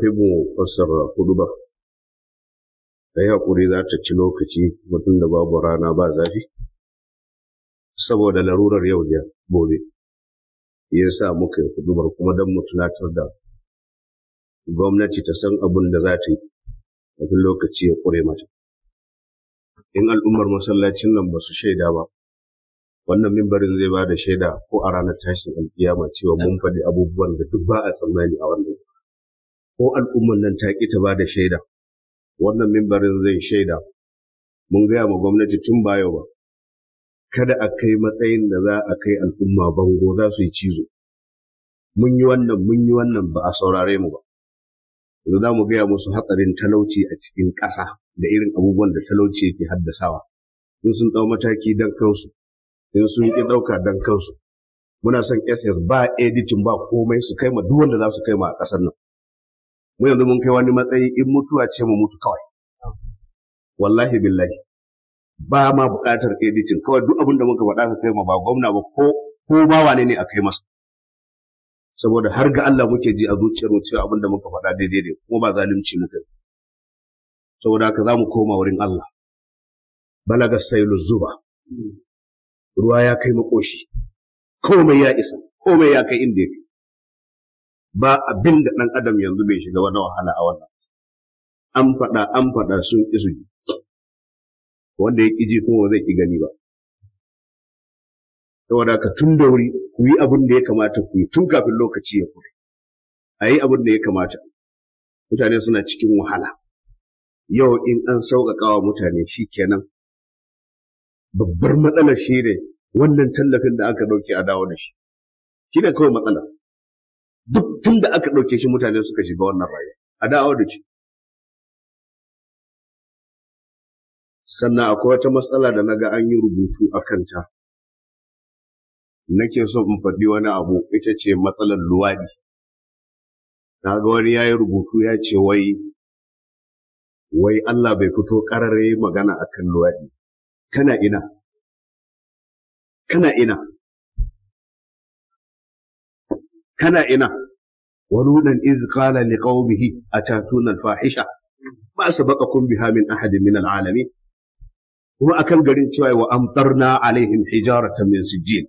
fi mu fassara ba. da haƙuri za ta ci lokaci mutum da babu rana ba zafi saboda larurar yau da gobe ya sa muka yi kudubar kuma don mu tunatar da gwamnati ta san abin da za ta yi kafin lokaci ya ƙure mata in al'ummar masallacin nan ba su shaida ba wannan mimbarin zai ba da shaida ko a ranar tashin alkiyama cewa mun faɗi abubuwan da duk ba a tsammani a wannan ko al'ummar nan ta ƙi ta ba da shaida wannan mimbarin zai shaida mun gaya ma gwamnati tun ba ba kada a kai matsayin da za a kai al'umma bango za su yi cizo mun yi wannan mun yi wannan ba a saurare mu ba yanzu za mu gaya musu hatsarin talauci a cikin ƙasa da irin abubuwan da talauci yake haddasawa in sun ɗau mataki don kansu in sun ƙi ɗauka don kansu muna son ss ba editin ba komai su kai ma duk wanda za su kai ma a ƙasar nan mu yanzu mun kai wani matsayi in mutuwa ce mu mutu kawai wallahi billahi ba ma buƙatar editing kawai duk abin da muka faɗa ka kai ma ba gwamna ba ko ko ba wane ne a kai masa saboda har ga Allah muke ji a zuciyar mu cewa abin da muka faɗa daidai ne kuma ba zalunci muke, saboda haka za mu koma wurin Allah balaga sailu zuba ruwa ya kai makoshi komai ya isa komai ya kai inda ya kai ba abin da ɗan adam yanzu bai shiga wani wahala a wannan an faɗa an faɗa sun ƙi wanda ya ki ji kuma zai ki gani ba saboda ka tun da wuri ku yi abin da ya kamata ku yi tun kafin lokaci ya kure a yi abin da ya kamata mutane suna cikin wahala yau in an sauƙaƙa mutane shi kenan babbar matsalar shi ne wannan tallafin da aka ɗauki a dawo da shi shi ne kawai matsalar tun da aka ɗauke shi mutane suka shiga wannan rayuwa a dawo da shi sannan akwai wata matsala da naga an yi rubutu a kanta nake so in faɗi wani abu ita ce matsalar luwaɗi na ga wani ya yi rubutu ya ce wai wai Allah bai fito ƙarare magana akan luwaɗi kana ina kana ina kana ina ولولا إذ قال لقومه أتاتون الفاحشة ما سبقكم بها من أحد من العالمين kuma akan garin cewa wa amtarna alaihim hijaratan min sijjin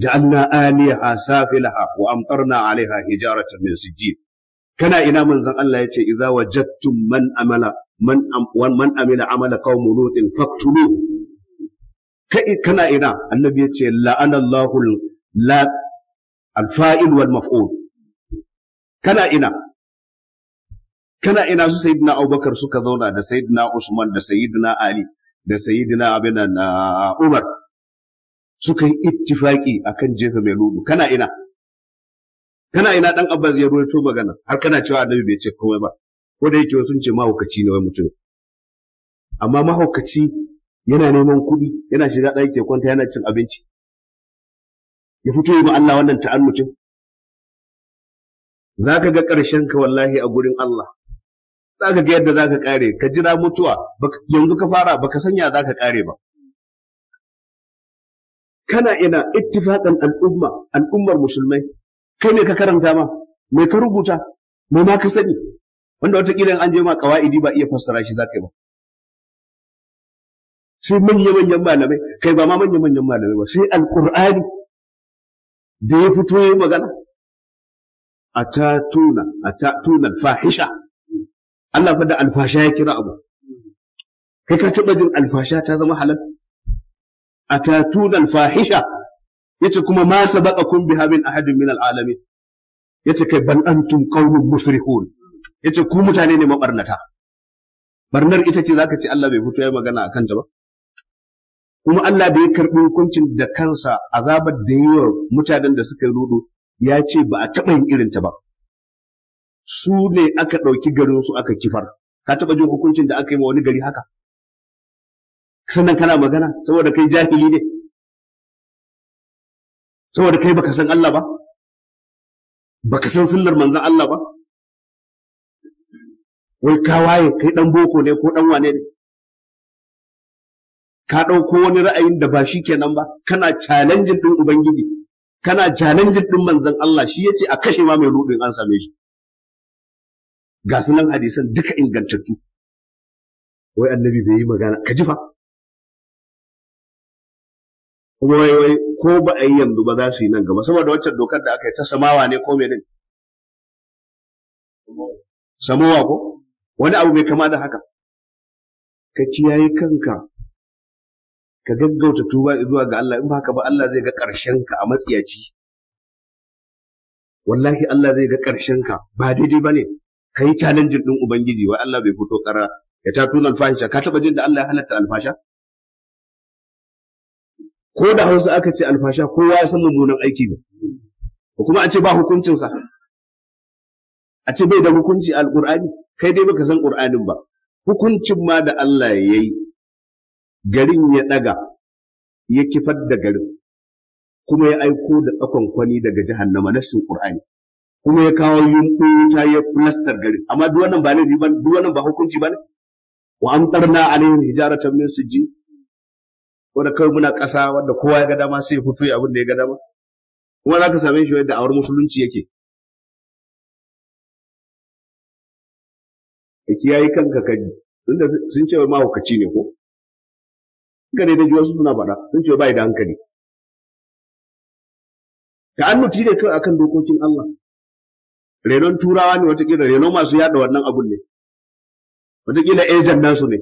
ja'alna aliha safilaha wa amtarna alaiha hijaratan min sijjin kana ina manzon Allah yace idza wajadtum man amala man am, man amila amala qaum lutin kana ina annabi yace la'anallahu lat al wal maf'ul kana ina kana ina su sayyidina Abubakar suka zauna da sayyidina Usman da sayyidina Ali da sayyidina abinan na ah, Umar suka yi ittifaki akan jefa mai ludu kana ina kana ina dan Abbas ya ruwaito magana har kana cewa annabi bai ce komai ba ko da yake sun ce mahaukaci ne wai mutum amma mahaukaci yana neman kuɗi yana shiga ɗaki ya kwanta yana cin abinci ya fito yi ma Allah wannan ta'annucin za ka ga ƙarshen ka wallahi a gurin Allah za ka ga yadda za ka ƙare ka jira mutuwa yanzu ka fara baka sanya za ka ƙare ba kana ina ittifaqan al'umma al'ummar musulmai kai ne ka karanta ma mai ka rubuta mai ma ka sani wanda wataƙila an je ma ƙawa'idi ba iya fassara shi za ka yi ba sai manya-manyan malamai kai ba ma manya-manyan malamai ba sai alƙur'ani da ya fito ya yi magana atatuna alfahisha Allah fa da alfasha ya kira abu ka taba jin alfasha ta zama halal fahisha, alfahisha yace kuma ma sabaqakum biha min ahadin min alalamin yace kai bal antum qaumun musrifun yace ku mutane ne mabarnata barnar ita ce zaka ce Allah bai fito ya magana akan ta ba kuma Allah da ya karbi hukuncin da kansa azabar da yi wa mutanen da suka rudu ya ce ba a taɓa yin ta ba su ne aka ɗauki garin su aka kifar ka taɓa jin hukuncin da aka yi wa wani gari haka sannan kana magana saboda kai jahili ne saboda kai baka san Allah ba baka san sunnar manzon Allah ba wai ka waye kai dan boko ne ko dan wane ne ka ɗauko wani ra'ayin da ba shi kenan ba kana challenging ɗin ubangiji kana challenge din manzon Allah shi yace a kashe ma mai rudin an same shi ga sunan hadisan duka ingantattu wai annabi bai yi magana ka ji fa wai wai ko ba a yi yanzu ba za su yi nan gaba saboda waccan dokar da aka yi ta samawa ne ko menene samowa ko wani abu mai kama da haka ka kiyaye kanka ka gaggauta tuba zuwa ga Allah in ba haka ba Allah zai ga ƙarshen ka a matsiyaci wallahi Allah zai ga ƙarshen ka ba daidai bane kai challenge din ubangiji wai Allah bai fito ƙara. ya ta tunan fahisha ka taba jin da Allah ya halatta alfasha ko da Hausa aka ce alfasha kowa ya san mummunan aiki ne ko kuma a ce ba hukuncin sa a ce bai da hukunci alqur'ani kai dai baka san qur'anin ba hukuncin ma da Allah ya yi garin ya ɗaga ya kifar da garin kuma ya aiko da tsakon kwani daga jahannama nassin Qur'ani kuma ya kawo yunkuri ta ya plastar garin amma duk wannan ba laifi ba duk wannan ba hukunci ba ne wa amtarna alaihim hijaratan min sijjin wanda kawai muna ƙasa wanda kowa ya ga dama sai ya fito ya abin da ya ga dama kuma za ka same shi yadda awar musulunci yake ya kiyaye kanka kaji tunda sun ce mahaukaci ne ko gare da wasu suna faɗa sun ce bai da hankali ta'annuti ne kawai akan dokokin Allah renon turawa ne watakila renon masu yada wannan abun ne watakila ejan nasu ne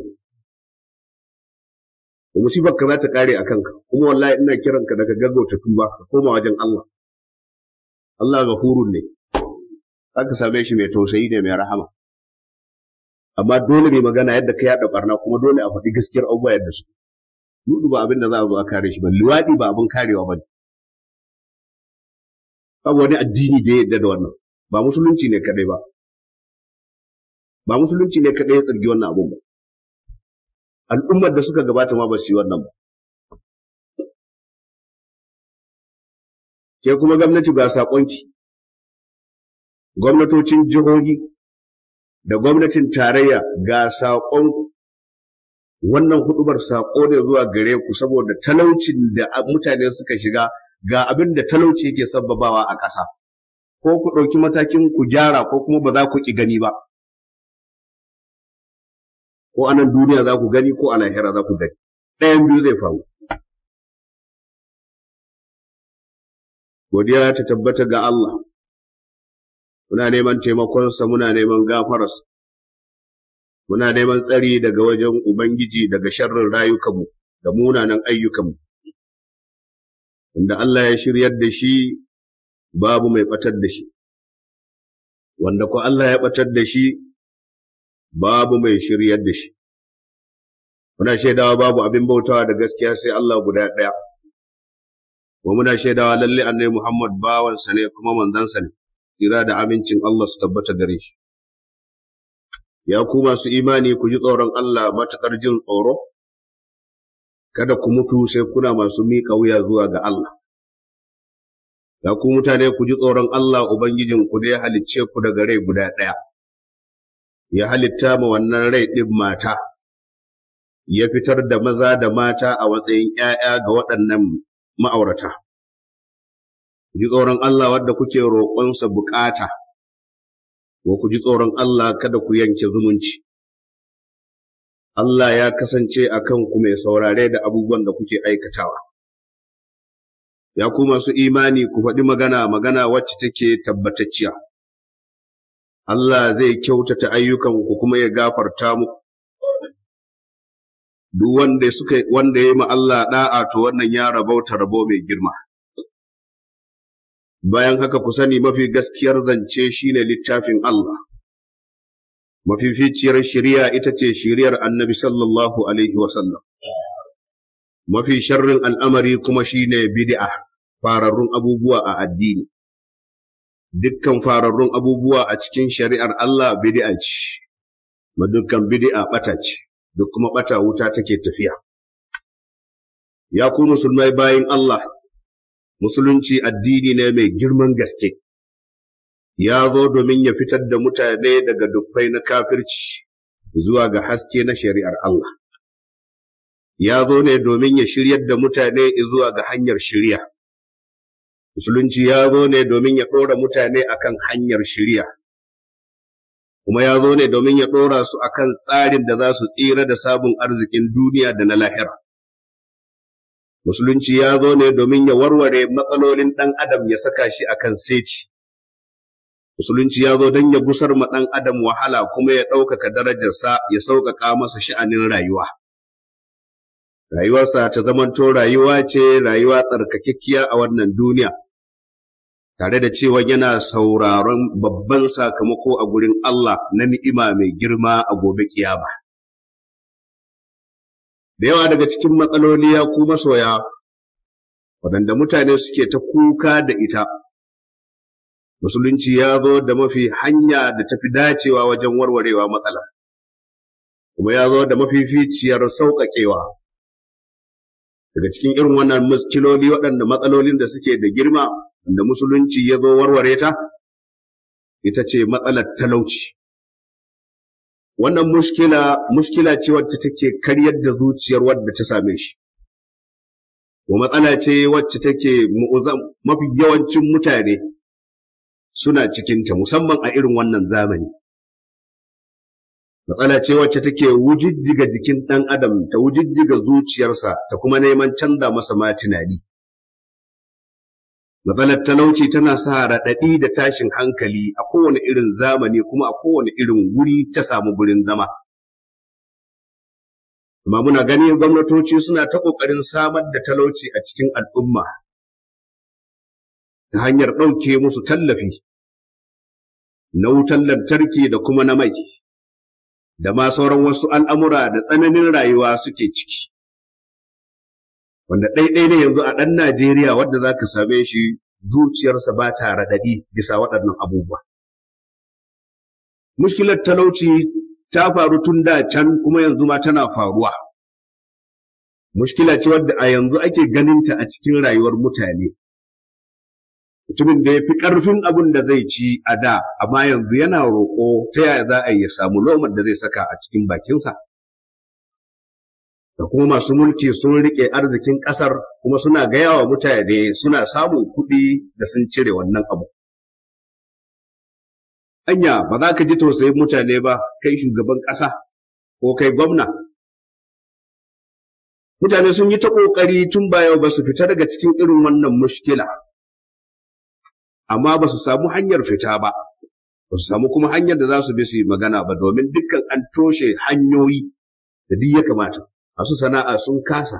da musibar ka za ta kare a kanka kuma wallahi ina kiran ka daga ta tuba ka koma wajen Allah Allah gafurun ne aka same shi mai tausayi ne mai rahama amma dole mai magana yadda ka yada barna kuma dole a faɗi gaskiyar abubuwa yadda su Ludu ba abin da za a zo a kare shi ba, luwaɗi ba abin karewa ba ne. Babu wani addini da ya yarda da wannan, ba musulunci ne kaɗai ba. Ba musulunci ne kaɗai ya tsirgi wannan abin ba. Al'ummar da suka gabata ma ba su yi wannan ba. Ke kuma gwamnati ba saƙonki, gwamnatocin jihohi da gwamnatin tarayya ga saƙonku wannan hudubar saƙo ne zuwa gare ku saboda talaucin da mutane suka shiga ga abin da talauci yake sabbabawa a ƙasa ko ku ɗauki matakin ku gyara ko kuma ba za ku ki gani ba ko a nan duniya za ku gani ko a lahira za ku gani ɗayan biyu zai faru godiya ta tabbata ga Allah muna neman taimakonsa muna neman gafararsa muna neman tsari daga wajen Ubangiji daga sharrin rayukanmu da munanan ayyukanmu. Wanda Allah ya shiryar da shi babu mai ɓatar da shi, wanda ko Allah ya ɓatar da shi babu mai shiryar da shi. Muna shaidawa babu abin bautawa da gaskiya sai Allah guda ɗaya. Wa muna shaidawa lalle annai Muhammad bawansa ne kuma manzansa ne, kira da amincin Allah su tabbata gare shi. ya ku masu imani ku ji tsoron Allah matuƙar jin tsoro, kada ku mutu sai kuna masu miƙa wuya zuwa ga Allah. Ya ku mutane ku ji tsoron Allah ku da ya halicce ku daga rai guda ɗaya, ya halitta ma wannan rai ɗin mata, ya fitar da maza da mata a matsayin ‘ya'ya ga waɗannan ma'aurata. Ku ji tsoron Allah wadda kuke roƙonsa buƙata. wa ku ji tsoron Allah kada ku yanke zumunci. Allah ya kasance a kanku mai saurare da abubuwan da kuke aikatawa. Ya ku masu imani ku faɗi magana magana wacce take tabbatacciya. Allah zai kyautata ayyukanku kuma ya gafarta muku. Duk wanda ya yi ma Allah ɗa'a to wannan ya rabauta rabo mai girma. bayan haka ku sani mafi gaskiyar zance shine littafin Allah mafificiyar shiri'a ita ce shiryar annabi sallallahu alaihi wasallam mafi sharrin al'amari kuma shine bid'a fararrun abubuwa a addini dukkan fararrun abubuwa a cikin shari'ar Allah bid'a ce ma dukkan bid'a bata ce duk kuma bata wuta take tafiya ya ku musulmai bayan Allah musulunci addini ne mai girman gaske ya zo domin ya fitar da mutane daga dukkai na kafirci zuwa ga haske na shari'ar Allah ya zo ne domin ya shiryar da mutane zuwa ga hanyar shirya musulunci ya zo ne domin ya ɗora mutane akan hanyar shirya kuma ya zo ne domin ya ɗora su akan tsarin da za su tsira da sabon arzikin duniya da na lahira Musulunci ya zo ne domin ya warware matsalolin ɗan adam ya saka shi a kan seci. Musulunci ya zo don ya gusar ma ɗan adam wahala kuma ya ɗaukaka darajarsa ya sauƙaƙa masa sha'anin rayuwa. Rayuwarsa ta zamanto rayuwa ce rayuwa tsarkakekkiya a wannan duniya, tare da cewa yana sauraron babban sakamako a gurin Allah na ni'ima mai girma a gobe kiyama. da yawa daga cikin matsaloli ya ku masoya waɗanda mutane suke ta kuka da ita musulunci ya zo da mafi hanya da tafi dacewa wajen warwarewa matsala kuma ya zo da mafificiyar sauƙaƙewa daga cikin irin wannan muskiloli waɗanda matsalolin da suke da girma da musulunci ya zo warware ta ita ce matsalar talauci wannan mushkila mushkila ce wacce take karyar da zuciyar wadda ta same shi wa matsala ce wacce take mafi yawancin mutane suna cikinta musamman a irin wannan zamani matsala ce wacce take wujijjiga jikin ɗan adam ta wujijjiga zuciyarsa ta kuma neman canza masa ma Matsalar talauci tana sa raɗaɗi da tashin hankali a kowane irin zamani kuma a kowane irin wuri ta samu gurin zama. Amma muna gani gwamnatoci suna ta ƙoƙarin samar da talauci a cikin al'umma ta hanyar ɗauke musu tallafi na wutan lantarki da kuma na mai, da ma sauran wasu al'amura da tsananin rayuwa suke ciki. wanda ɗaiɗai ne yanzu a ɗan Najeriya wadda za ka same shi zuciyarsa ba ta raɗaɗi bisa waɗannan abubuwa. Mushkilar talauci ta faru tun da can kuma yanzu ma tana faruwa. Mushkila ce wadda a yanzu ake ganinta a cikin rayuwar mutane. Mutumin da ya fi ƙarfin abin da zai ci a da, amma yanzu yana roƙo ta yaya za a yi ya samu lomar da zai saka a cikin bakinsa. da kuma masu mulki sun riƙe arzikin ƙasar kuma suna gaya wa mutane suna samun kuɗi da sun cire wannan abu. Anya ba za ka ji tausayin mutane ba kai shugaban ƙasa ko kai gwamna. Mutane sun yi ta ƙoƙari tun ba yau ba su fita daga cikin irin wannan mushkila, amma ba su samu hanyar fita ba, ba su samu kuma hanyar da za su bi su yi magana ba domin dukkan an toshe hanyoyi da duk ya kamata. masu sana'a sun kasa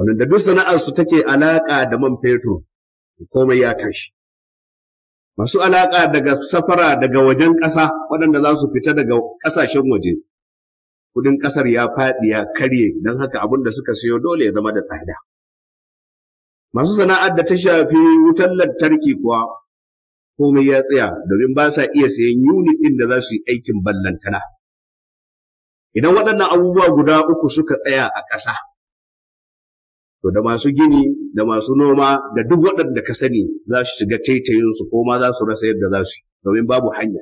wanda duk sana'ar su take alaƙa da man fetur komai ya tashi masu alaƙa daga safara daga wajen ƙasa waɗanda za su fita daga ƙasashen waje kudin ƙasar ya faɗi ya karye don haka abin da suka sayo dole ya zama da tsada masu sana'ar da ta shafi wutar lantarki kuwa komai ya tsaya domin ba sa iya sayan yuni ɗin da za su yi aikin ballantana. idan waɗannan abubuwa guda uku suka tsaya a ƙasa to da masu gini da masu noma da duk waɗanda ka sani za su shiga su ko ma za su rasa yadda za su yi domin babu hanya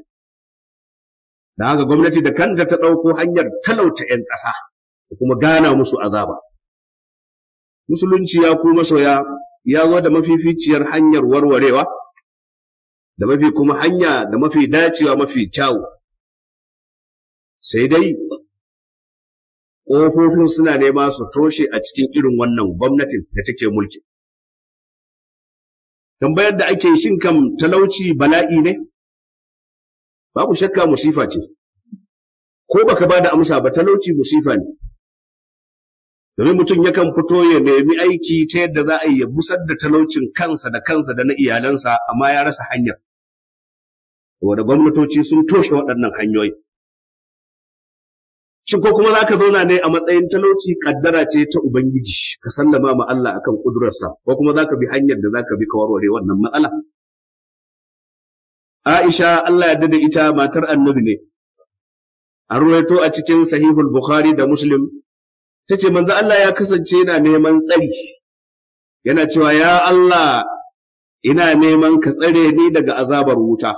da haka gwamnati da kanta ta ɗauko hanyar talauta 'yan ƙasa da kuma gana musu azaba musulunci ya ku masoya ya zo da mafificiyar hanyar warwarewa da mafi kuma hanya da mafi dacewa mafi kyawu sai dai ƙofofin suna nema su toshe a cikin irin wannan gwamnatin da take mulki. Tambayar da ake shin kam talauci bala'i ne? Babu shakka musifa ce, ko baka ba da amsa ba talauci musifa ne. Domin mutum yakan fito ya nemi aiki ta yadda za a yi ya busar da talaucin kansa da kansa da na iyalansa amma ya rasa hanyar. Wadda gwamnatoci sun toshe waɗannan hanyoyi. Shin ko kuma za ka zauna ne a matsayin talauci kaddara ce ta Ubangiji ka sallama ma Allah a kan ƙudurarsa ko kuma za ka bi hanyar da za ka bi ka warware wannan matsala. Aisha Allah ya da ita matar annabi ne. An ruwaito a cikin sahihul Bukhari da Muslim ta ce manzo Allah ya kasance yana neman tsari yana cewa ya Allah ina neman ka tsare ni daga azabar wuta.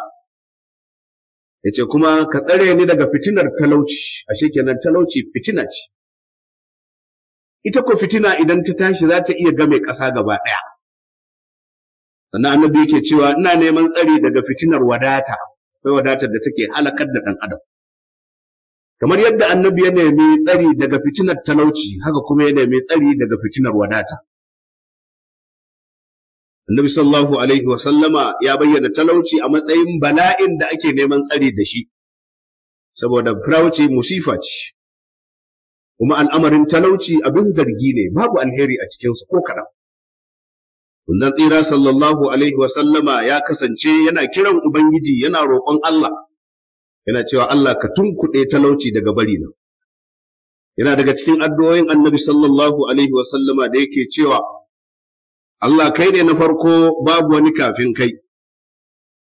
ya ce kuma ka tsare ni daga fitinar talauci ashe kenan talauci fitina ce ita ko fitina idan ta tashi za ta iya game ƙasa gaba ɗaya sannan annabi yake cewa ina neman tsari daga fitinar wadata akwai wadatar da take halakar da ɗan adam kamar yadda annabi ya nemi tsari daga fitinar talauci haka kuma ya nemi tsari daga fitinar wadata annabi sallallahu alaihi wasallama ya bayyana talauci a matsayin bala'in da ake neman tsari da shi saboda farauci musifa ce kuma al'amarin talauci abin zargi ne babu alheri a cikinsu ko kaɗan Kundan tsira sallallahu alaihi wasallama ya kasance yana kiran Ubangiji yana roƙon Allah, yana cewa Allah ka tunkuɗe talauci daga bari nan. Yana daga cikin addu'o'in annabi sallallahu alaihi wasallama da yake cewa Allah kai ne na farko babu wani kafin kai,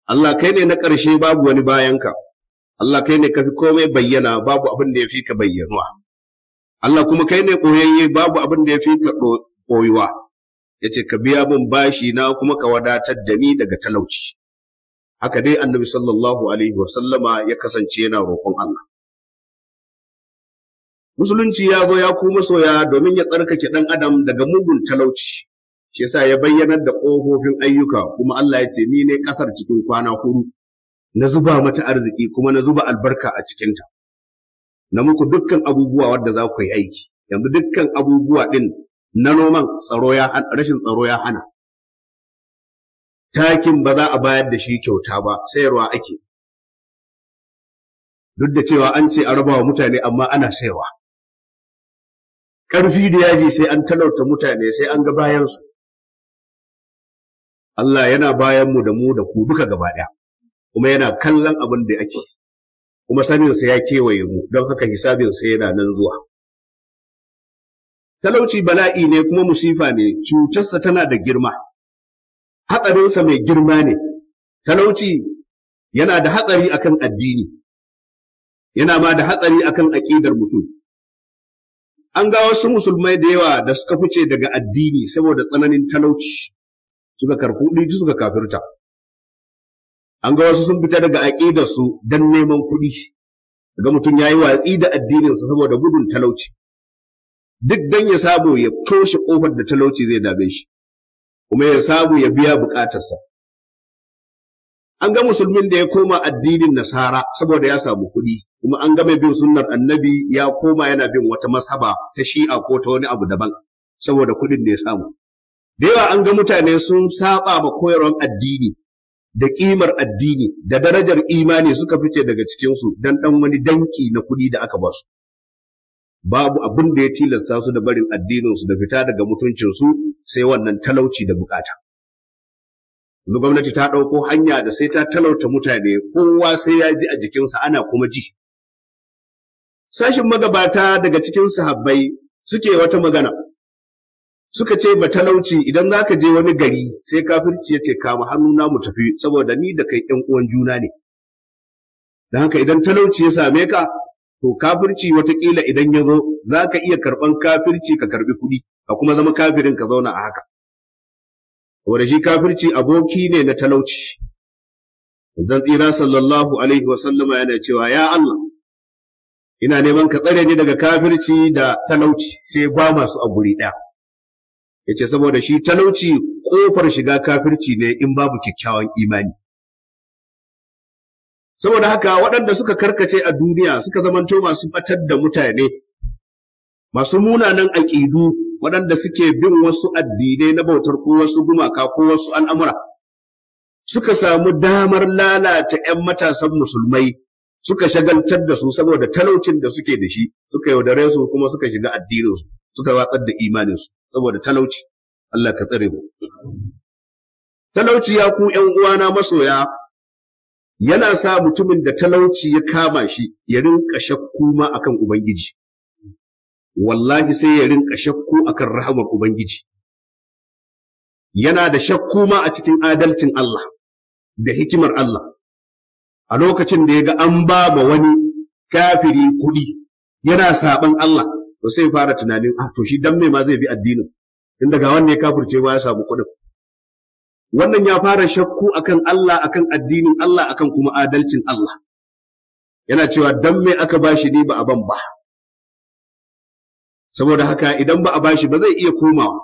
Allah kai ne na ƙarshe babu wani bayanka, Allah kai ne kafi komai bayyana babu abin da ya fi ka bayyanuwa. Allah kuma kai ne ɓoyayye babu abin da ya fi ka ɓoyuwa, ya ce ka biya min bashi na kuma ka wadatar da ni daga talauci. Haka dai annabi sallallahu alaihi wasallama ya kasance yana roƙon Allah. Musulunci ya zo ya ku masoya domin ya tsarkake ɗan adam daga mugun talauci. shi yasa ya bayyanar da ƙofofin ayyuka kuma Allah ya ce ni ne ƙasar cikin kwana huru? na zuba mata arziki kuma na zuba albarka a cikinta na muku dukkan abubuwa wadda za ku yi aiki yanzu dukkan abubuwa ɗin na noman tsaro ya rashin tsaro ya hana takin ba za a bayar da shi kyauta ba sayarwa ake duk da cewa an ce a raba wa mutane amma ana sayarwa ƙarfi da yaji sai an talauta mutane sai an ga bayansu Allah yana bayan mu da mu da ku duka gaba ɗaya kuma yana kallon abin da ake kuma saninsa ya kewaye mu don haka hisabinsa yana nan zuwa talauci bala'i ne kuma musifa ne cutarsa tana da girma hatsarinsa mai girma ne talauci yana da hatsari akan addini yana ma da hatsari akan aƙidar mutum an ga wasu musulmai da yawa da suka fice daga addini saboda tsananin talauci suka karkuɗi suka kafirta an ga wasu sun fita daga aƙidar don neman kuɗi ga mutum ya yi watsi da addininsa saboda gudun talauci duk don ya sabo ya toshe ƙofar da talauci zai dame shi kuma ya sabo ya biya buƙatarsa an ga musulmin da ya koma addinin nasara saboda ya samu kuɗi kuma an ga bin sunnar annabi ya koma yana bin wata masaba ta shi'a ko ta wani abu daban saboda kuɗin da ya samu da yawa an ga mutane sun saba ma koyarwar addini da ƙimar addini da darajar imani suka fice daga cikinsu don ɗan wani danki na kuɗi da aka basu. Babu abin da ya tilasta su da barin addininsu da fita daga mutuncinsu sai wannan talauci da bukata. wani gwamnati ta ɗauko hanya da sai ta talauta mutane kowa sai ya ji a jikinsa ana kuma ji. Sashin magabata daga cikin sahabbai suke wata magana. suka ce ba talauci idan za ka je wani gari sai kafirci ya ce kama hannu na mu tafi saboda ni da kai ƴan uwan juna ne da haka idan talauci ya same ka to kafirci watakila idan ya zo za ka iya karɓan kafirci ka karɓi kuɗi ka kuma zama kafirin ka zauna a haka wanda shi kafirci aboki ne na talauci idan tsira sallallahu alaihi wa sallama yana cewa ya Allah ina neman ka tsare ni daga kafirci da talauci sai ba masu a guri ɗaya yace saboda shi talauci kofar shiga kafirci ne in babu kyakkyawan imani saboda haka waɗanda suka karkace a duniya suka zamanto masu batar da mutane masu munanan aƙidu waɗanda suke bin wasu addinai na bautar ko wasu gumaka ko wasu al'amura suka samu damar lalata ‘yan matasan musulmai suka shagaltar da su saboda talaucin da suke da shi suka yaudare su kuma suka shiga addinin su suka watsar da imaninsu saboda talauci Allah ka tsare mu talauci ya ku ƴan uwana masoya yana sa mutumin da talauci ya kama shi ya rinka shakku ma akan ubangiji wallahi sai ya rinka shakku akan rahamar ubangiji yana da shakku ma a cikin adalcin Allah da hikimar Allah a lokacin da ya ga an ba ma wani kafiri kuɗi yana saɓan Allah to sai fara tunanin ah to shi dan me ma zai bi addinin in daga wanda ya kafirce ba ya samu kuɗin wannan ya fara shakku akan Allah akan addinin Allah akan kuma adalcin Allah yana cewa dan me aka bashi ni ba a ban ba saboda haka idan ba a bashi ba zai iya komawa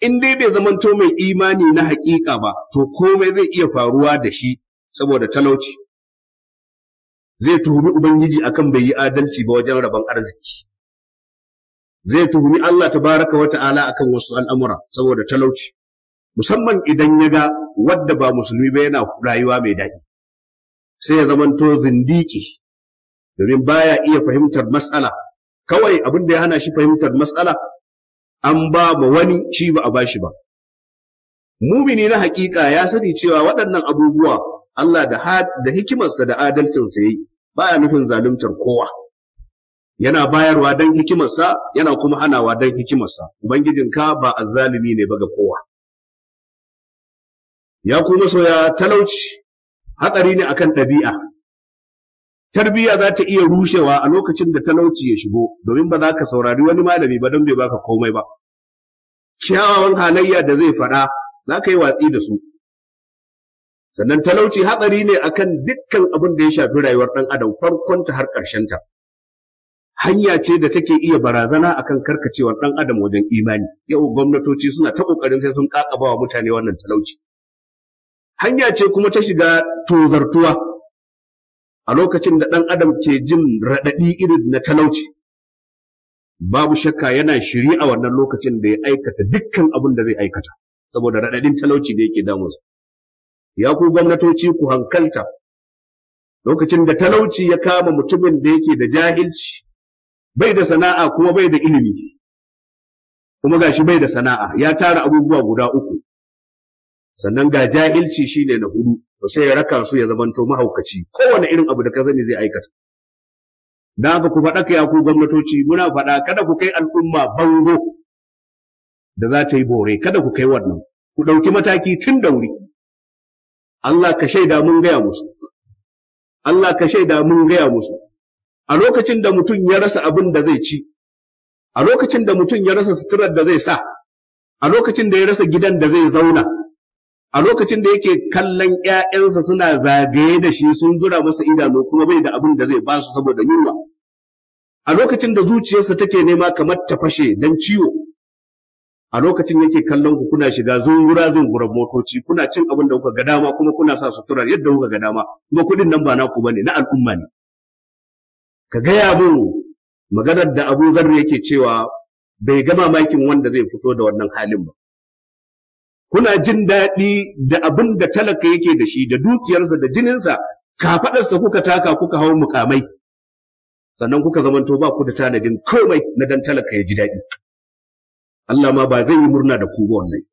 in dai bai zamanto mai imani na haƙiƙa ba to komai zai iya faruwa da shi saboda talauci zai tuhumi ubangiji akan bai yi adalci ba wajen rabon arziki zai tuhumi Allah tabaraka wa ta'ala akan wasu al'amura saboda talauci musamman idan ya ga wadda ba musulmi ba yana rayuwa mai daɗi sai ya zamanto zindiki domin baya iya fahimtar matsala kawai abin da ya hana shi fahimtar matsala an ba ma wani shi ba a bashi ba mumini na hakika ya sani cewa waɗannan abubuwa Allah da da hikimarsa da adalcinsa yayi baya nufin zaluntar kowa yana bayarwa dan hikimarsa yana kuma hanawa dan hikimarsa ubangijinka ba azzalimi ne ba ga kowa ya kuma soya talauci hatsari ne akan ɗabi'a tarbiyya za ta iya rushewa a lokacin da talauci ya shigo domin ba za ka saurari wani malami ba don bai baka komai ba kyawawan halayya da zai faɗa za ka yi watsi da su sannan talauci hatsari ne akan dukkan abin da ya shafi rayuwar ɗan adam farkonta har ta. hanya ce da take iya barazana akan karkacewar ɗan adam wajen imani yau gwamnatoci suna ta ƙoƙarin sai sun ƙaƙaba wa mutane wannan talauci hanya ce kuma ta shiga tozartuwa a lokacin da ɗan adam ke jin raɗaɗi irin na talauci babu shakka yana shiri a wannan lokacin da ya aikata dukkan abin da zai aikata saboda raɗaɗin talauci da yake damunsa ya ku gwamnatoci ku hankalta lokacin da talauci ya kama mutumin da yake da jahilci bai da sana'a kuma bai da ilimi kuma gashi bai da sana'a ya tara abubuwa guda uku sannan ga jahilci shine na hudu to sai ya raka su ya zamanto mahaukaci kowane irin abu da ka sani zai aikata da haka ku faɗa ya ku gwamnatoci muna faɗa kada ku kai al'umma bango da za ta yi bore kada ku kai wannan ku ɗauki mataki tun da wuri Allah ka shaida mun gaya musu Allah ka shaida mun gaya musu a lokacin da mutum ya rasa abin da zai ci a lokacin da mutum ya rasa suturar da zai sa a lokacin da ya rasa gidan da zai zauna a lokacin da yake kallon ‘ya'yansa suna zagaye da shi sun zura masa idanu kuma bai da abin da zai ba su saboda yunwa a lokacin da zuciyarsa take nema kamar ta fashe don ciwo a lokacin yake kallon ku kuna shiga zungura zunguran motoci kuna cin abin da kuka ga dama kuma kuna sa suturar yadda kuka ga dama kuma kuɗin nan ba naku bane na al'umma ne ka gaya mun maganar da Abu Zarri yake cewa bai gama makin wanda zai fito da wannan halin ba kuna jin daɗi da abin da talaka yake da shi da dukiyarsa da jininsa kafaɗarsa kuka taka kuka hau mukamai sannan kuka zamanto ba ku da tanadin komai na dan talaka ya ji daɗi Allah ma ba zai yi murna da ku ba wannan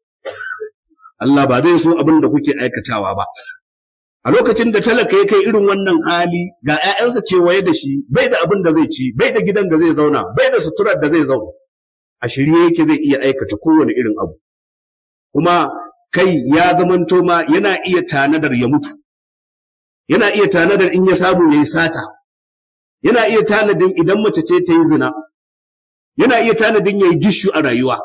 Allah ba zai so abin da kuke aikatawa ba a lokacin da talaka ya kai irin wannan hali ga 'ya'yansa kewaye da shi bai da abin da zai ci bai da gidan da zai zauna bai da suturar da zai zauna a shirye yake zai iya aikata kowane irin abu kuma kai ya zamanto ma yana iya tanadar ya mutu yana iya tanadar in ya samu ya yi sata yana iya tanadin idan mace ce ta yi zina yana iya tanadin yayi gishu a rayuwa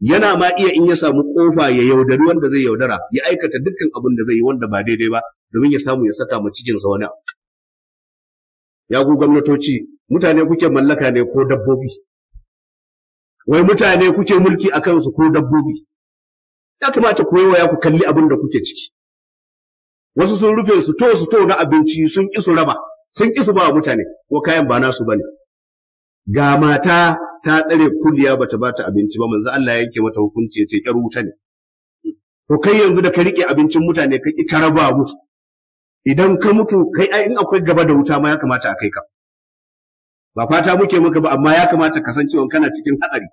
yana ma iya in ya samu kofa ya yaudari wanda zai yaudara ya aikata dukkan abin da zai yi wanda ba daidai ba domin ya samu ya saka mu sa wani abu ya ku gwamnatoci mutane kuke mallaka ne ko dabbobi wai mutane kuke mulki akan su ko dabbobi ya kamata ku ya ku kalli abin da kuke ciki wasu sun rufe su to su to na abinci sun ki su raba sun ki su ba mutane ko kayan ba nasu bane ga mata ta tsare kulliya bata bata abinci ba manzo Allah ya yanke mata hukunci ya ce ƴar wuta ne to kai yanzu da ka rike abincin mutane ka ki raba musu idan ka mutu kai ai in akwai gaba da wuta ma ya kamata a kai ka ba fata muke maka ba amma ya kamata ka san cewa kana cikin hatsari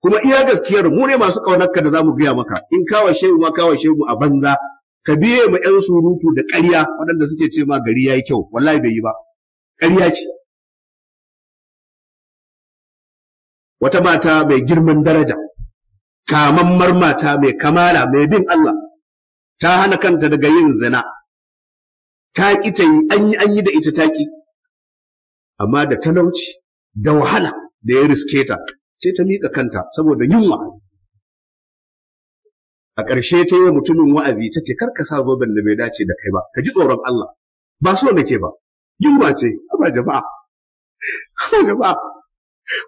kuma iya gaskiyar mu ne masu kaunarka da za mu gaya maka in kawo shehu ma kawo shehu a banza ka biye ma 'yan surutu da ƙarya waɗanda suke ce ma gari ya yi kyau wallahi bai yi ba ƙarya ce wata mata mai girman daraja kamammar mata mai kamala mai bin Allah ta hana kanta daga yin zina ta ƙi ta yi an yi an yi da ita ta ƙi amma da talauci da wahala da ya riske ta sai ta miƙa kanta saboda yunwa a ƙarshe ta yi mutumin wa'azi ta ce kar ka sa zoben da mai dace da kai ba ka ji tsoron Allah ba so nake ba yunwa ce ba jama'a ba jama'a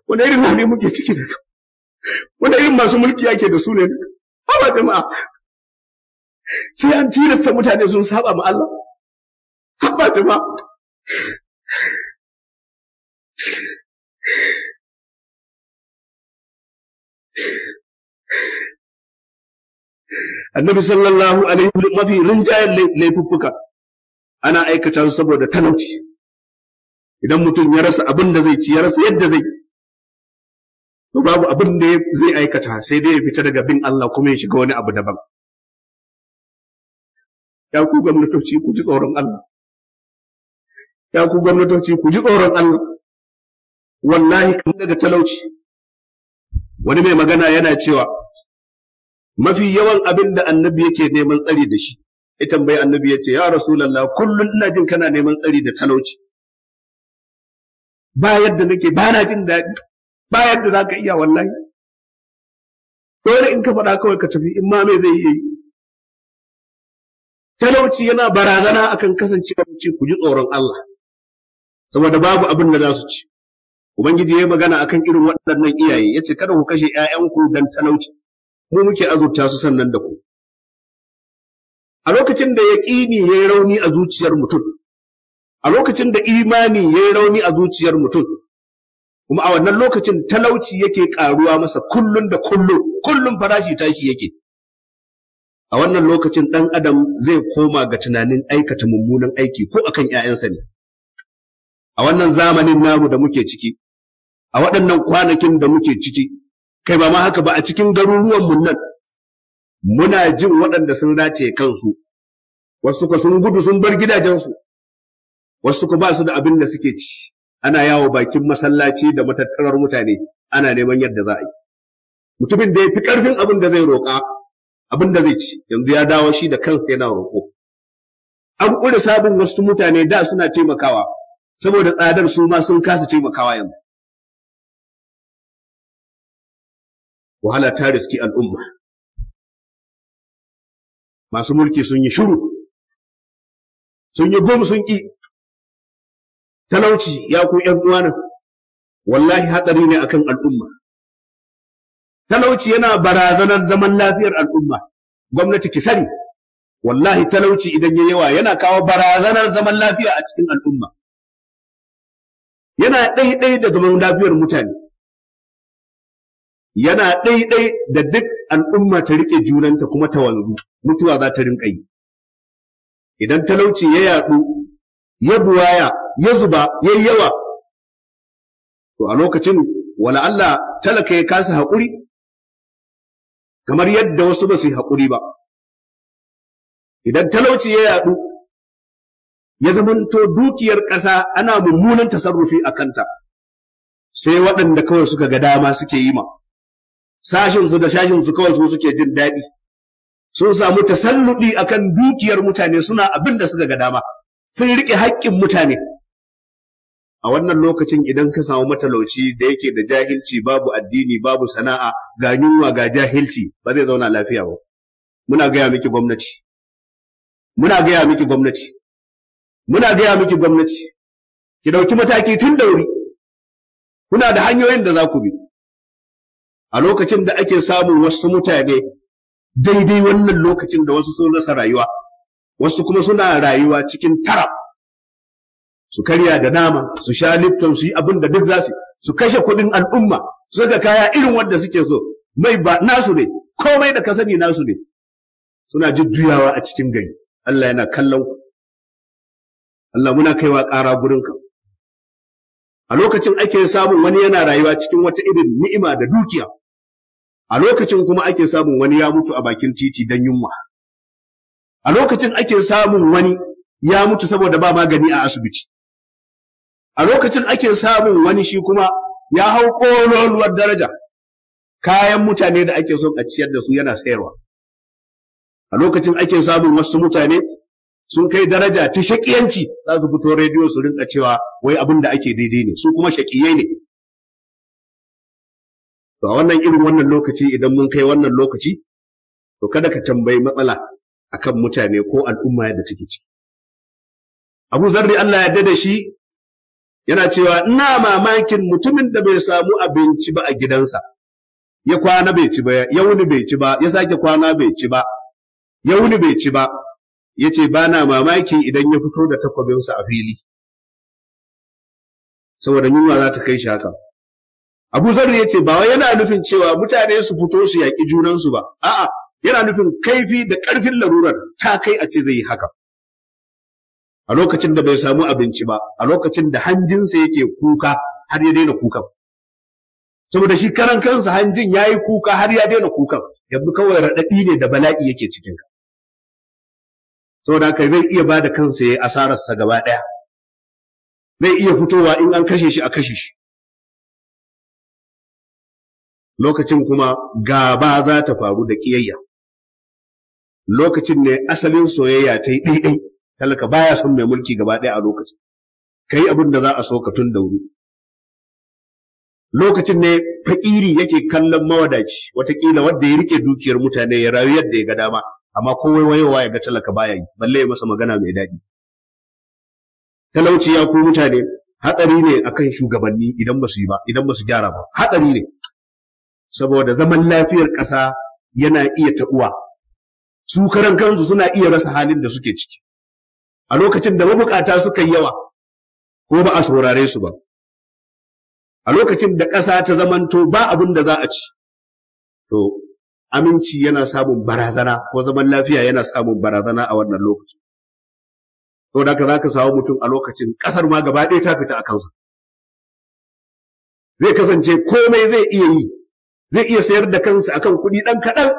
wani irin hali muke ciki da wani irin masu mulki yake da su ne haba jama'a sai an tilasta mutane sun saba ma Allah haba jama'a Annabi sallallahu alaihi wa mafi rinjayen laifuffuka ana aikata su saboda talauci idan mutum ya rasa abin da zai ci ya rasa yadda zai to babu abin da zai aikata sai dai ya fita daga bin Allah kuma ya shiga wani abu daban ya ku gwamnatoci ku ji tsoron Allah ya ku gwamnatoci ku ji tsoron Allah wallahi kan daga talauci wani mai magana yana cewa mafi yawan abin da annabi yake neman tsari da shi ya tambayi annabi ya ce ya rasulallah kullum ina jin kana neman tsari da talauci ba yadda nake ba na jin daɗi ba da za ka iya wallahi dole in ka faɗa kawai ka tafi in ma mai zai iya yi talauci yana barazana akan kasancewa ce ku ji tsoron Allah saboda babu abin da za su ci ubangiji ya magana akan irin waɗannan iyaye ya ce kada ku kashe ‘ya'yanku don talauci mu muke azurta su sannan da ku a lokacin da yaƙini ya yi rauni a zuciyar mutum a lokacin da imani ya yi rauni a zuciyar mutum kuma a wannan lokacin talauci yake ƙaruwa masa kullum da kullum, kullum farashi tashi yake a wannan lokacin ɗan adam zai koma ga tunanin aikata mummunan aiki ko akan ‘ya'yansa ne a wannan zamanin namu da muke ciki a waɗannan kwanakin da muke ciki kai ba ma haka ba a cikin garuruwan garuruwanmu nan muna jin waɗanda sun rataye kansu wasu ka sun gudu sun bar gidajensu wasu ka ba su da abin da suke ci ana yawo bakin masallaci da matattarar mutane ana neman yadda za a yi mutumin da ya fi ƙarfin abin da zai roƙa abin da zai ci yanzu ya dawo shi da kansa yana roƙo an ƙure sabon wasu mutane da suna taimakawa saboda tsadar su ma sun kasa taimakawa yanzu wahala ta riski al'umma masu mulki sun yi shiru sun yi gum sun ƙi talauci ya ku 'yan uwana wallahi hatsari ne akan al'umma talauci yana barazanar zaman lafiyar al'umma gwamnati ki sani wallahi talauci idan ya yawa yana kawo barazanar zaman lafiya a cikin al'umma yana ɗaiɗai da zaman lafiyar mutane yana ɗaiɗai da duk al'umma ta riƙe junanta kuma ta wanzu mutuwa za ta rinƙa yi idan talauci ya yaɗu ya buwaya ya zuba ya yawa to a lokacin wala Allah talaka ya kasa haƙuri kamar yadda wasu ba su yi haƙuri ba idan talauci ya yaɗu ya zamanto dukiyar ƙasa ana mummunan tasarrufi a kanta sai waɗanda kawai suka ga dama suke yi ma sashinsu da sashinsu kawai su suke jin daɗi sun samu tasalluɗi akan dukiyar mutane suna abin da suka ga dama sun riƙe haƙƙin mutane a wannan lokacin idan ka samu matalauci da yake da jahilci babu addini babu sana'a ga yunwa ga jahilci ba zai zauna lafiya ba muna gaya miki gwamnati muna gaya miki gwamnati muna gaya miki gwamnati ki ɗauki mataki tun da wuri kuna da hanyoyin da za ku bi a lokacin da ake samun wasu mutane daidai wannan lokacin da wasu sun rasa rayuwa wasu kuma suna rayuwa cikin tara su karya da nama su sha lifton, su yi abin da duk zasu su kashe kuɗin al'umma su ga kaya irin wanda suke so mai ba nasu ne komai da ka sani nasu ne suna jujjuyawa a cikin gari Allah yana kallon ku Allah muna kaiwa ƙara gurin ka. a lokacin ake samun wani yana rayuwa cikin wata irin ni'ima da dukiya a lokacin kuma ake samun wani ya mutu a bakin titi don yunwa a lokacin ake samun wani ya mutu saboda ba magani a asibiti a lokacin ake samun wani shi kuma ya hau ƙololuwar daraja kayan mutane da ake son a ciyar da su yana sayarwa a lokacin ake samun wasu mutane sun kai daraja ta shaƙiyanci za su fito rediyo su rinka cewa wai abin da ake daidai ne su kuma shaƙiyai ne to a wannan irin wannan lokaci idan mun kai wannan lokaci to kada ka tambayi matsala akan mutane ko al'umma yadda take ciki Abu Zarri Allah ya da shi yana cewa ina mamakin mutumin da bai samu abinci ba a gidansa ya kwana bai ci ba ya wuni bai ci ba ya sake kwana bai ci ba ya wuni bai ci ba ya ce ba na mamaki idan ya fito da takwabinsa a fili saboda yunwa za ta kai shi haka Abu Zarri ya ce ba wai yana nufin cewa mutane su fito su yaƙi junansu ba a'a yana nufin kaifi da ƙarfin larurar ta kai a ce zai yi haka a lokacin da bai samu abinci ba a lokacin da hanjinsa yake kuka har ya daina kukan saboda shi karan kansa hanjin ya yi kuka har ya daina kukan yanzu kawai raɗaɗi ne da bala'i yake cikin ka saboda haka zai iya ba da kansa ya yi asararsa gaba ɗaya zai iya fitowa in an kashe shi a kashe shi lokacin kuma gaba za ta faru da ƙiyayya lokacin ne asalin soyayya ta yi ɗaiɗai talaka baya son mai mulki gaba ɗaya a lokacin ka yi abin da za a so ka tun da wuri lokacin ne fakiri yake kallon mawadaci watakila wadda ya rike dukiyar mutane ya rayu yadda ya ga dama amma kowai wayewa ya ga talaka baya yi balle ya masa magana mai daɗi talauci ya ku mutane hatsari ne akan shugabanni idan ba su yi ba idan ba su gyara ba hatsari ne saboda zaman lafiyar ƙasa yana iya taɓuwa su karan kansu suna iya rasa halin da suke ciki a lokacin da mabukata suka yi yawa ko ba a saurare su ba a lokacin da ƙasa ta zamanto ba abin da za a ci to aminci yana samun barazana ko zaman lafiya yana samun barazana a wannan lokacin to da ka za samu mutum a lokacin ƙasar ma gaba ɗaya ta fita a kansa zai kasance komai zai iya yi zai iya sayar da kansa akan kuɗi ɗan kaɗan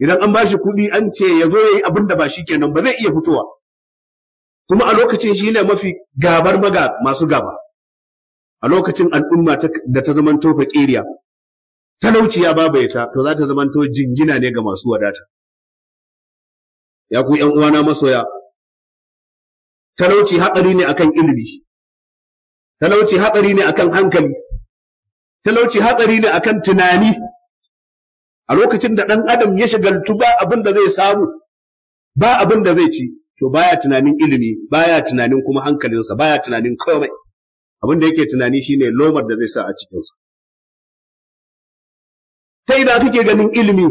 idan an bashi kuɗi an ce ya zo ya yi abin da ba shi kenan ba zai iya fitowa kuma a lokacin shi ne mafi gabar maga masu gaba a lokacin al'umma da ta zamanto fakiriya talauciya babayata to za ta zamanto jingina ne ga masu wadata ya ku ƴan uwana masoya talauci haƙari ne akan ilimi talauci haƙari ne akan hankali talauci haƙari ne akan tunani a lokacin da ɗan adam ya shagaltu ba abin da zai samu ba abin da zai ci to baya tunanin ilimi baya tunanin kuma hankalinsa baya tunanin komai abin da yake tunani shine lomar da zai sa a cikinsa ta ina kake ganin ilimi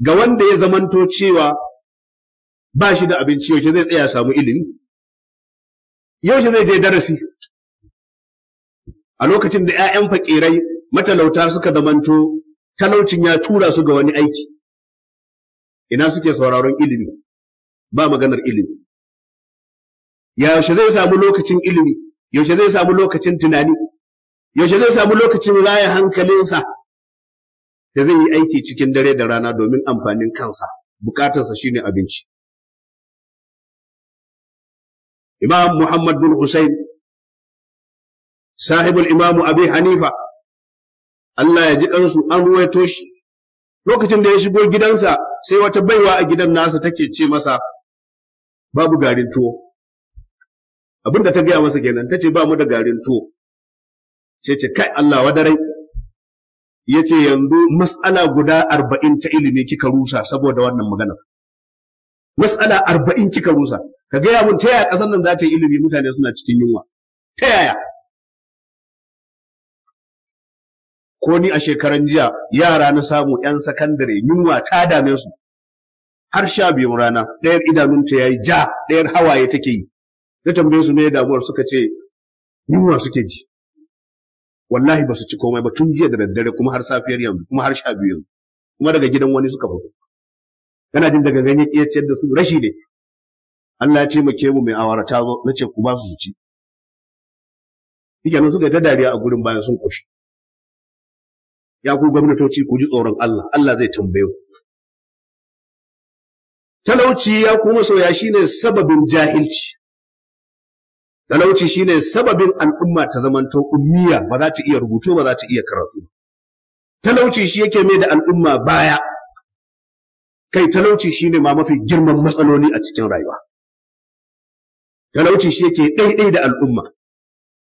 ga wanda ya zamanto cewa ba shi da abinci yaushe zai tsaya samu ilimi yaushe zai je darasi a lokacin da 'ya'yan fakirai matalauta suka zamanto talaucin ya tura su ga wani aiki ina suke sauraron ilimi ba maganar ilimi yaushe zai samu lokacin ilimi yaushe zai samu lokacin tunani yaushe zai samu lokacin raya hankalinsa da zai yi aiki cikin dare da rana domin amfanin kansa bukatarsa shine abinci imam muhammad bin hussein sahibul imamu abi hanifa Allah ya ji ɗansu an ruwaito shi lokacin da ya shigo gidansa sai wata baiwa a gidan nasa take ce masa babu garin tuwo abin da ta gaya masa kenan ta ce ba mu da garin tuwo sai ce kai Allah wadarai ya ce yanzu mas'ala guda arba'in ta ilimi kika rusa saboda wannan magana mas'ala arba'in kika rusa ka gaya mun ta yaya ƙasar nan za ta yi ilimi mutane suna cikin yunwa ta yaya ko ni a shekaran jiya yara na samu 'yan sakandare yunwa ta dame su har sha biyun rana ɗayar idanunta ya yi ja ɗayar hawaye take yi na tambaye su ne damuwar suka ce yunwa suke ji wallahi ba su ci komai ba tun jiya da daddare kuma har safiyar yanzu kuma har sha biyu kuma daga gidan wani suka fito yana jin daga ganye ciyar da su rashi ne Allah ya ce mu ke mu mai awara ta zo na ce ku ba su su ci shikenan suka ta dariya a gurin bayan sun koshi ya ku gwamnatoci ku ji tsoron Allah Allah zai tambayo. talauci ya ku shi shine sababin jahilci talauci shine sababin al'umma ta zamanto ummiya ba za ta iya rubutu ba za ta iya karatu talauci shi yake mai da al'umma baya kai talauci shine ma mafi girman matsaloli a cikin rayuwa talauci shi yake ɗaiɗai da al'umma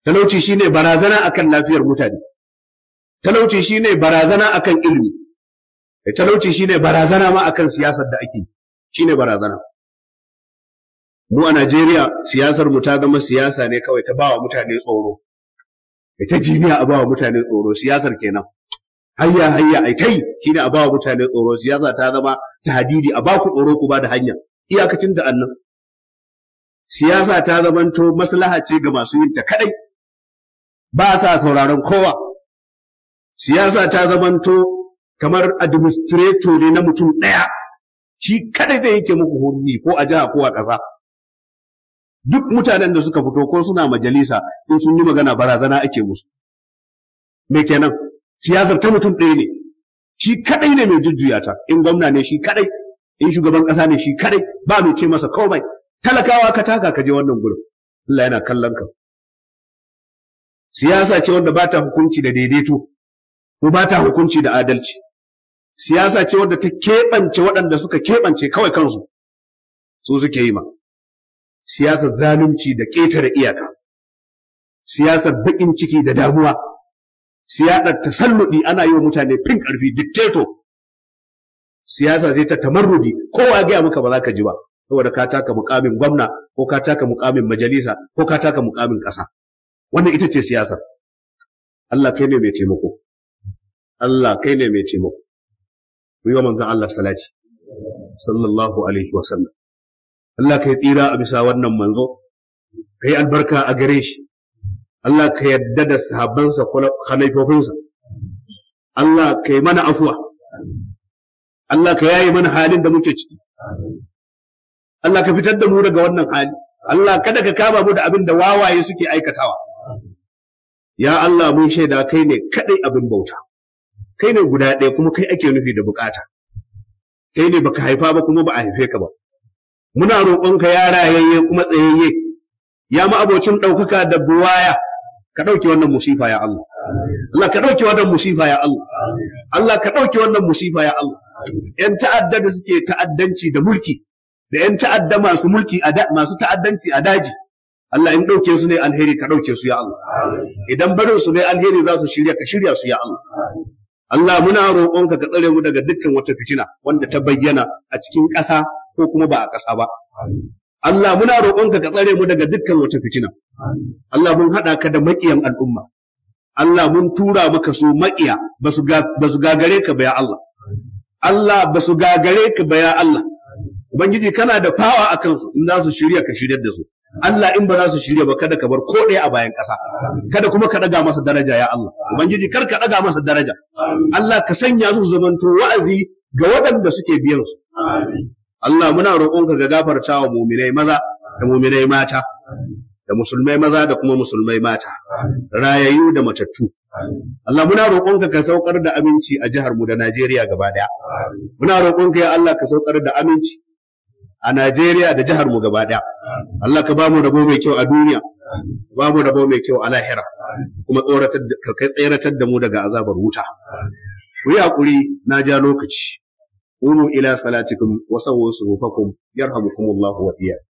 talauci shine barazana akan lafiyar mutane talauci shine barazana akan ilimi talauci shine barazana ma akan siyasar da ake shine barazana mu a Najeriya siyasar mu ta zama siyasa ne kawai ta bawa mutane tsoro ita jiniya a bawa mutane tsoro siyasar kenan hayya hayya ai tai shine a bawa mutane tsoro siyasa ta zama tahdidi a baku tsoro ku ba da hanya iyakacin da annan siyasa ta zamanto maslaha ce ga masu yin ta kadai ba sa sauraron kowa siyasa ta zamanto kamar administrator ne na mutum ɗaya shi kada zai yake muku hurri ko a jiha ko a ƙasa duk mutanen da suka fito ko suna majalisa in sun yi magana barazana ake musu me kenan siyasar ta mutum ɗaya ne shi kadai ne mai jujjuya in gwamna ne shi kadai in shugaban ƙasa ne shi kadai ba mai ce masa komai talakawa ka taka ka je wannan gurin Allah yana kallon ka siyasa ce wanda ba ta hukunci da daidaito ko ba ta hukunci da adalci siyasa ce wadda ta keɓance waɗanda suka keɓance kawai kansu su suke yi ma siyasar zalunci da ƙetare iyaka siyasar baƙin ciki da damuwa siyasar tasalluɗi ana yi wa mutane fin ƙarfi dikteto siyasa zai ta tamarrudi kowa gaya maka ba za ka ji ba saboda ka taka mukamin gwamna ko ka taka mukamin majalisa ko ka taka mukamin ƙasa wannan ita ce siyasar Allah kai ne mai taimako Allah kai ne mai taimako ku yi wa manzan Allah salati sallallahu alaihi wa sallam Allah yi tsira a bisa wannan manzo yi albarka a gare shi Allah ka yadda da sahabbansa khalifofinsa Allah ka yi mana afuwa Allah ka yaye mana halin da muke ciki Allah ka fitar da mu daga wannan hali Allah kada ka kama mu da abin da wawaye suke aikatawa ya Allah mun shaida kai ne kadai abin bauta kai ne guda ɗaya kuma kai ake nufi da bukata kai ne baka haifa ba kuma ba a haife ka ba muna roƙonka ya rayayye kuma tsayayye ya ma abocin ɗaukaka da buwaya ka ɗauki wannan musifa ya Allah Allah ka ɗauki wannan musifa ya Allah Allah ka ɗauki wannan musifa ya Allah ‘yan ta'adda da suke ta'addanci da mulki da ‘yan ta'adda masu mulki masu ta'addanci a daji Allah in ɗauke su ne alheri ka ɗauke su ya Allah idan barin su ne alheri za su shirya ka shirya su ya Allah Allah muna roƙonka ka tsare mu daga dukkan wata fitina wanda ta bayyana a cikin ƙasa ko kuma ba a ƙasa ba. Allah muna roƙonka ka tsare mu daga dukkan wata fitina. Allah mun haɗa ka da maƙiyan al'umma. Allah mun tura maka su maƙiya ba su gagare ka ba ya Allah. Allah ba su gagare ka ba ya Allah. ubangiji kana da fawa a kansu in za su shirya ka shiryar da su Allah in ba za su shirya ba kada ka bar ko ɗaya a bayan ƙasa kada kuma ka ɗaga masa daraja ya Allah ubangiji kar ka ɗaga masa daraja Allah ka sanya su zamanto wa'azi ga waɗanda suke biyan su Allah muna roƙonka ga gafartawa muminai maza da muminai mata da musulmai maza da kuma musulmai mata rayayu da matattu Allah muna roƙonka ka saukar da aminci a jihar mu da Najeriya gaba ɗaya muna roƙonka ya Allah ka saukar da aminci a Najeriya da jihar mu gaba ɗaya. Allah ka ba mu rabo mai kyau a duniya, ba mu rabo mai kyau a lahira, kuma kai tseratar da mu daga azabar wuta. Ku yi haƙuri na ja lokaci. Umu ila salatikum wa sawwasu rufakum yarhamukumullahu wa iyyakum.